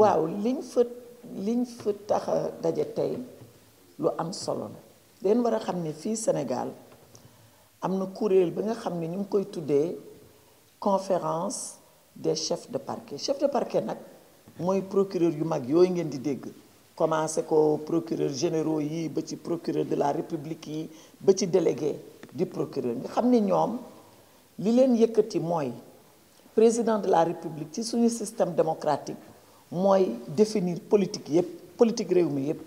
waaw liñ fa liñ fa tax daje tey lu am solo leen war a xam ne fii Sénégal am na kuréel bi nga xam ne ñu ngi koy tuddee conférence des chefs de parquet chef de parquet nag mooy procureur yu mag yooyu ngeen di dégg commencé ko procureur généraux yi ba ci procureur de la république yi ba ci délégué di procureur nga xam ni ñoom li leen yëkkati mooy président de la république ci suñu système démocratique mooy définir politique yépp politique réew mi yépp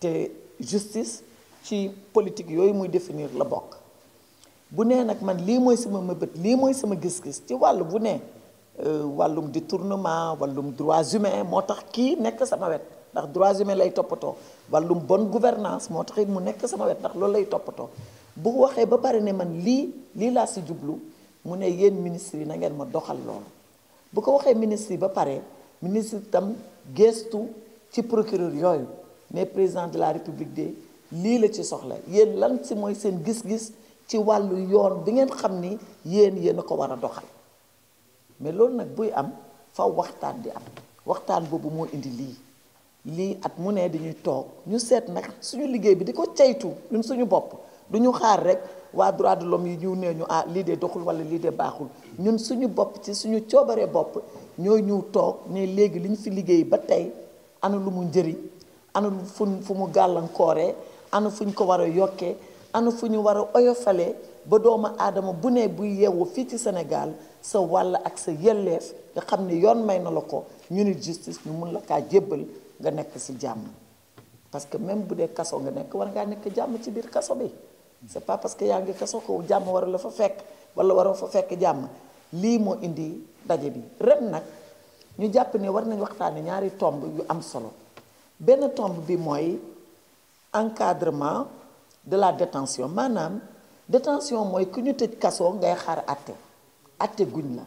te justice ci politique yooyu muy définir la bokk bu nee nag man lii mooy sama mëbët lii mooy sama gis-gis ci wàllu bu ne euh, wàllum détournement wàllum droits humains moo tax kii nekk sama wet ndax droits humains lay toppatoo wàllum bon gouvernance moo tax mu nekk sama wet ndax loolu lay toppatoo bu waxee ba pare ne man lii lii laa si jublu mu ne yéen ministres yi na ngeen ma doxal loolu bu ko waxee ministres yi ba pare ministre tam gestu ci procureur yooyu ne président de la république de lii la ci soxla yéen lan si mooy seen gis-gis ci wàllu yoon bi ngeen xam ni yéen yéen a ko war a doxal mais loolu nag buy am faw waxtaan di am waxtaan boobu moo indi lii lii at mu ne dañuy toog ñu seet nag suñu liggéey bi di ko caytu ñun suñu bopp du ñu xaar rek waa droit de l'homme yi ñu nee ñu ah lii de doxul wala lii de baaxul ñun suñu bopp ci suñu coobaree bopp ñooy ñu toog ne léegi li ñu fi liggéey ba tey ana lu mu njëriñ ana fu fu mu gàllankoore ana fu ñu ko war a yokkee ana fu ñu war a oyofalee ba doomu aadama bu ne buy yeewu fii ci Sénégal sa wàll ak sa yelleef nga xam ne yoon may na la ko ñu ni justice ñu mun la kaa jébbal nga nekk ci jàmm parce que même bu dee kaso nga nekk war ngaa nekk jàmm ci biir kaso bi c'est pas parce que yaa ngi kaso ko jàmm war la fa fekk wala waroo fa fekk jàmm lii moo indi daje bi ren nag ñu jàpp ne war nañ waxtaan waxtaane ñaari tomb yu am solo benn tomb bi mooy encadrement de la détention maanaam détention mooy ku ñu tëj kaso ngay xaar atte atte guñ la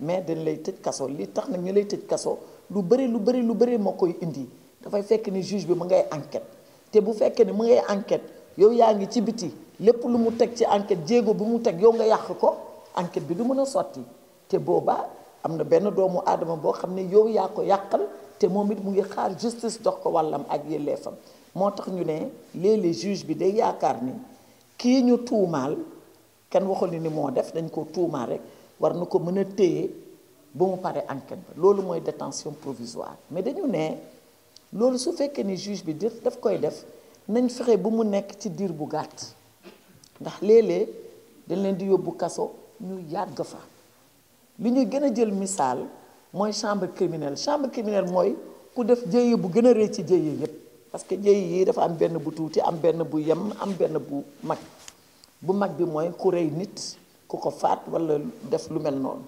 mais dañ lay tëj kaso li tax nag ñu lay tëj kaso lu bëri lu bëri lu bëri moo koy indi dafay fekk ni juge bi mu ngay enquête te bu fekkee ni mu ngay enquête yow yaa ngi ci biti lépp lu mu teg ci enquête jéego bu mu teg yow nga yàq ko enquête bi lu mën a sotti te booba am na benn doomu aadama boo xam ne yow yaa ko yàqal te moom it mu ngi xaar justice jox ko wàllam ak yelleefam moo tax ñu ne léeg-léeg juge bi day yaakaar ni kii ñu tuumaal kenn waxul ni moo def dañ ko tuumaal rek war na ko mën a téye ba mu paree enquête ba loolu mooy détention provisoire mais dañu ne loolu su fekkee ni juge bi daf koy def nañ fexe bu mu nekk ci diir bu gàtt ndax léeg-léeg dañ leen di yóbbu kaso ñu yàgg fa li ñu gën a jël misaal mooy chambre criminelle chambre criminelle mooy ku def jéye bu gën a rëy ci jéye yépp parce que jéye yi dafa am benn bu tuuti am benn bu yem am benn bu mag bu mag bi mooy ku rey nit ku ko faat walla def lu mel noonu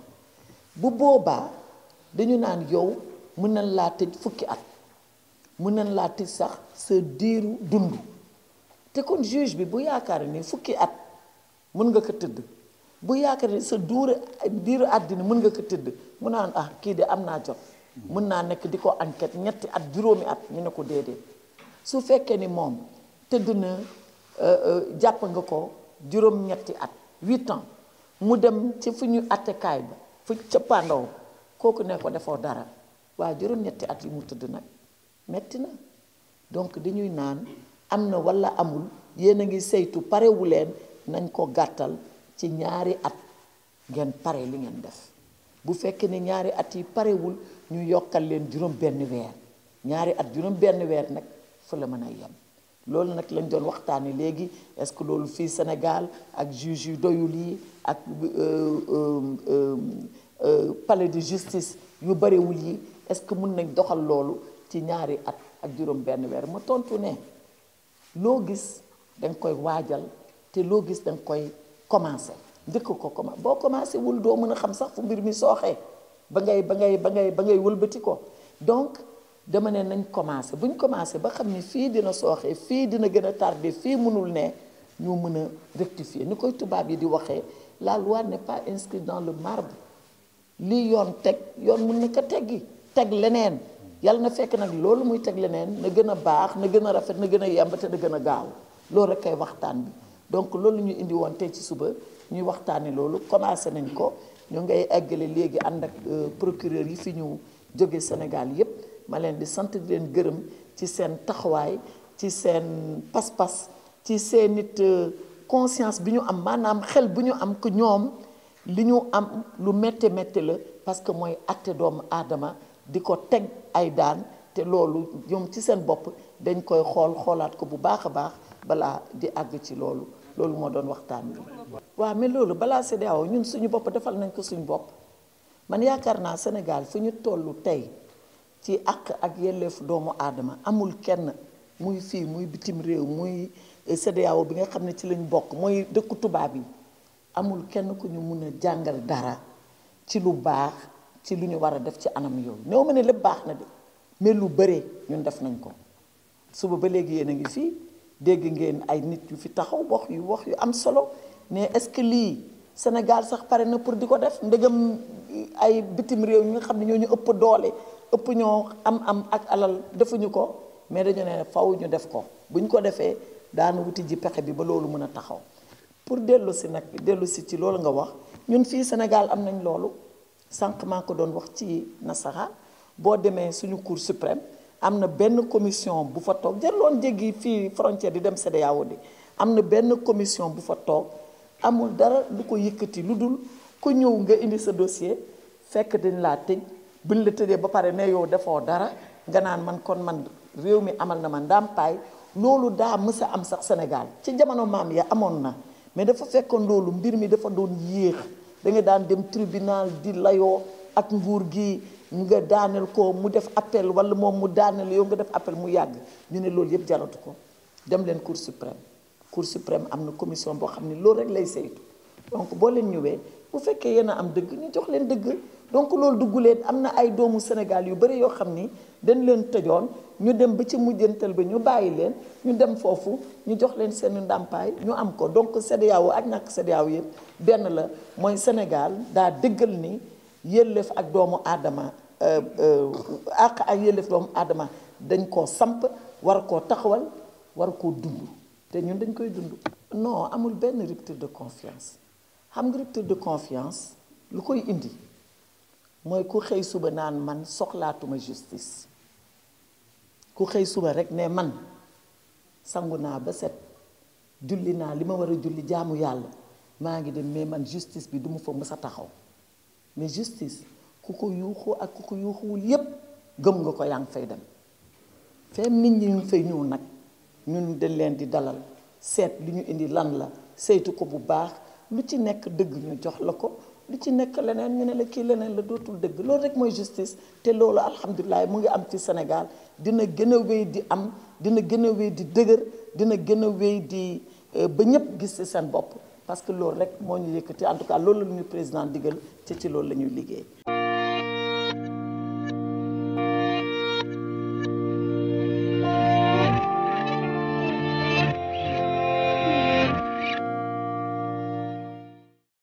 bu boobaa dañu naan yow mën nañ laa tëj fukki at mën nañ laa tëj sax sa diiru dund te kon juge bi bu yaakaar ni fukki at mën nga ko tëdd bu yaakaar ni sa duuru diiru àddina mën nga ko tëdd mu naan ah kii de am naa jot mën naa nekk di ko enquête ñetti at juróomi at ñu ne ko déedéet su fekkee ni moom tëdd na euh, euh, jàpp nga ko juróom-ñetti at huit ans mu dem ci fu ñu attekaay ba fu cëppaandaw kooku ne ko defoo dara waa juróom-ñetti at yi mu tëdd nag metti na donc dañuy naan am na wala amul yéen a ngi saytu parewu leen nañ ko gàttal ci ñaari at ngeen pare li ngeen def bu fekkee ni ñaari at yi parewul ñu yokkal leen juróom benn weer ñaari at juróom benn weer nag fa la mën a yem loolu nag lañ doon waxtaani léegi est-ce que loolu fii Sénégal ak juge yu doyul yi ak euh, euh, euh, palais de justice yu barewul yi est-ce que mun nañ doxal loolu ci ñaari at ak juróom benn weer ma tontu ne loo gis danga koy waajal te loo gis danga koy commencé njëkk ko commencé boo commencé wul doo mën a xam sax fu mbir mi sooxee ba ngay ba ngay ba ngay ba ngay wëlbati ko donc dama ne nañ commencé buñ commencé ba xam ne fii dina sooxee fii dina gën a tardé fii mënul ne ñoo mën a rectifier ni koy tubaab yi di waxee la loi n'est pas inscrite dans le marbre lii yoon teg yoon mën na ko teggi teg leneen yàlla na fekk nag loolu muy teg leneen na gën a baax na gën a rafet na gën a yemb te na gën a gaaw loolu rek kay waxtaan bi donc loolu ñu indi woon tey ci suba ñuy waxtaanee loolu commencé nañ ko ñu ngay eggale léegi ànd ak euh, procureur yi fi ñu jóge Sénégal yépp ma leen di sant di leen gërëm ci seen taxawaay ci seen pas-pas ci seen it euh, conscience bi ñu am maanaam xel bu ñu am que ñoom li ñu am lu métte métte la parce que mooy atte doomu aadama di ko teg ay daan te loolu ñoom ci seen bopp dañ koy xool xoolaat ko bu baax a baax balaa di àgg ci loolu loolu moo doon waxtaan bi waaw mais loolu balaa CEDEAO ñun suñu bopp defal nañ ko suñu bopp man yaakaar naa Sénégal fu ñu toll tey ci àq ak yelleef doomu aadama amul kenn muy fii muy bitim réew muy CEDEAO bi nga xam ne ci lañ bokk mooy dëkku tubaab yi amul kenn ku ñu mun a jàngal dara ci lu baax ci lu ñu war a def ci anam yooyu néew ma ne lépp baax na de mais lu bëree ñun def nañ ko suba ba léegi yéen a ngi fii dégg ngeen ay nit yu fi taxaw wax yu wax yu am solo mais est-ce que lii Sénégal sax pare na pour di ko def ndegam ay bitim réew ñi nga xam ne ñoo ñu ëpp doole ëpp ñoo am am ak alal defuñu ko mais dañu ne faw ñu def ko bu ñu ko defee daana wuti ji pexe bi ba loolu mën a taxaw pour dellu si nag dellu si ci loolu nga wax ñun fii Sénégal am nañ loolu sànq maa ko doon wax ci nasara boo demee suñu cour suprême am na benn commission bu fa toog jëloon jéggi fii frontière di dem CEDEAO di am na benn commission bu fa toog amul dara lu ko yëkkati lu dul ku ñëw nga indi sa dossier fekk dañ laa tëj nu la tëjee ba pare ne yow defoo dara nga naan man kon man réew mi amal na ma ndàmpaay loolu daa mës a am sax Sénégal ci jamono maam ya amoon na mais dafa fekkoon loolu mbir mi dafa doon da nga daan dem tribunal di layoo ak nguur gi nga daaneel ko mu def appel wala moom mu daaneel yow nga def appel mu yàgg ñu ne loolu yëpp jaratu ko dem leen cour suprême cour suprême am na commission boo xam ne loolu rek lay saytu donc boo leen ñëwee bu fekkee yéen a am dëgg ñu jox leen dëgg donc loolu dugg leen am na ay doomu Sénégal yu bëri yoo xam ni dañ leen tëjoon ñu dem ba ci mujjantal ba ñu bàyyi leen ñu dem foofu ñu jox leen seen ndàmpaay ñu am ko donc CEDEAO ak ñàkk CEDEAO yëpp benn la mooy Sénégal daa dëggal ni yëllëf ak doomu aadama euh, euh, àq ak yëllëf doomu aadama dañ koo samp war koo taxawal war koo dund te ñun dañ koy dund non amul benn rupture de confiance xam nga rupture de confiance lu koy indi mooy ku xëy suba naan man soxlaatuma justice ku xëy suba rek ne man sangu naa ba set julli naa li ma war a julli jaamu yàlla maa ngi dem mais man justice bi duma mu fa mës a taxaw mais justice ku ko yuuxu ak ku ko yuuxuwul yépp gëm nga ko yaa fay dem feem nit ñi ñu fay ñëw nag ñu dañ leen di dalal seet li ñu indi lan la saytu ko bu baax lu ci nekk dëgg ñu jox la ko li ci nekk leneen ñu ne la kii leneen la dootul dëgg loolu rek mooy justice te loolu alhamdulilah mu ngi am ci Sénégal dina gën a wéy di am dina gën a wéy di dëgër dina gën a wéy di euh, ba ñëpp gis ci seen bopp parce que loolu rek moo ñu yëkkati en tout cas loolu la ñu président digal te ci loolu la ñuy liggéey.